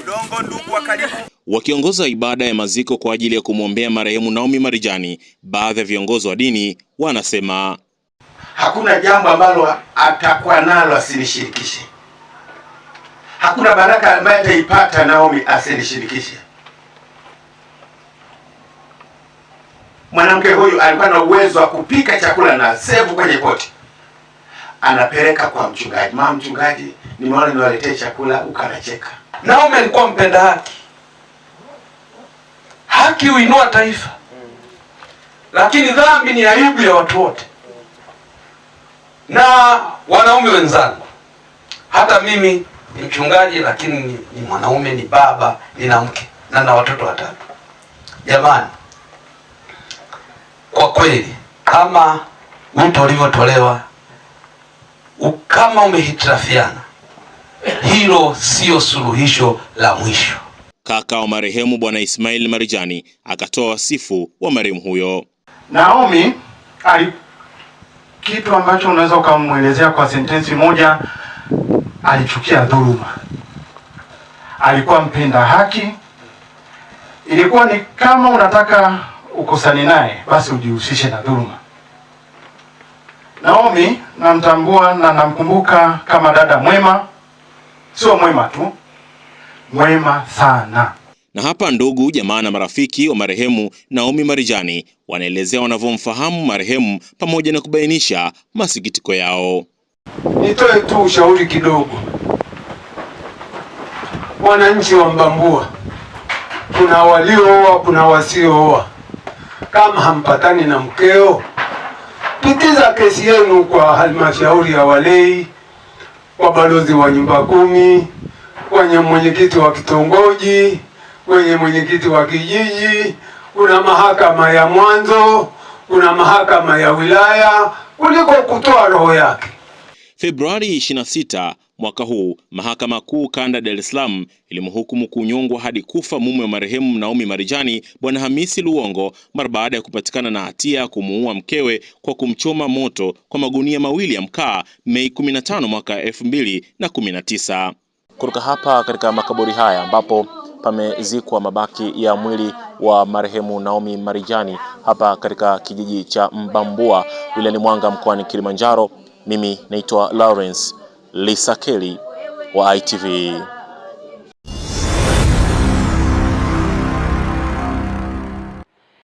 Udongo ndugu wa karibu. Wakiongoza ibada ya maziko kwa ajili ya kumwombea marehemu Naomi Marijani, baadhi ya viongozi wa dini wanasema hakuna jambo ambalo atakuwa nalo asinishirikishe Hakuna baraka ambayo ataipata Naomi asinishirikishe Mwanamke huyu alikuwa na uwezo wa kupika chakula na sevu kwenye poti anapeleka kwa mchungaji, mama mchungaji, nimeona niwaletee chakula, ukanacheka. Naomi alikuwa mpenda haki. Haki huinua taifa, lakini dhambi ni aibu ya watu wote. Na wanaume wenzangu, hata mimi ni mchungaji, lakini ni, ni mwanaume, ni baba, nina mke na na watoto watatu. Jamani, kwa kweli kama wito alivyotolewa kama umehitirafiana, hilo siyo suluhisho la mwisho. Kaka wa marehemu Bwana Ismail Marijani akatoa wasifu wa marehemu huyo. Naomi ali kitu ambacho unaweza ukamwelezea kwa sentensi moja, alichukia dhuluma, alikuwa mpenda haki. Ilikuwa ni kama unataka ukosani naye, basi ujihusishe na dhuluma. Naomi namtambua na namkumbuka kama dada mwema, sio mwema tu, mwema sana. Na hapa ndugu jamaa na marafiki wa marehemu Naomi Marijani wanaelezea wanavyomfahamu marehemu pamoja na kubainisha masikitiko yao. Nitoe tu ushauri kidogo, wananchi wa Mbambua, kuna waliooa, kuna wasiooa. Kama hampatani na mkeo Pitiza kesi yenu kwa halmashauri ya walei, kwa balozi wa nyumba kumi, kwenye mwenyekiti wa kitongoji, kwenye mwenyekiti wa kijiji. Kuna mahakama ya mwanzo, kuna mahakama ya wilaya, kuliko kutoa roho yake. Februari 26 mwaka huu mahakama kuu kanda Dar es Salaam ilimhukumu kunyongwa hadi kufa mume wa marehemu Naomi Marijani, Bwana Hamisi Luongo, mara baada ya kupatikana na hatia kumuua mkewe kwa kumchoma moto kwa magunia mawili ya mkaa Mei 15 mwaka 2019. Kutoka hapa katika makaburi haya ambapo pamezikwa mabaki ya mwili wa marehemu Naomi Marijani hapa katika kijiji cha Mbambua wilayani Mwanga mkoani Kilimanjaro. Mimi naitwa Lawrence Lisakeli wa ITV.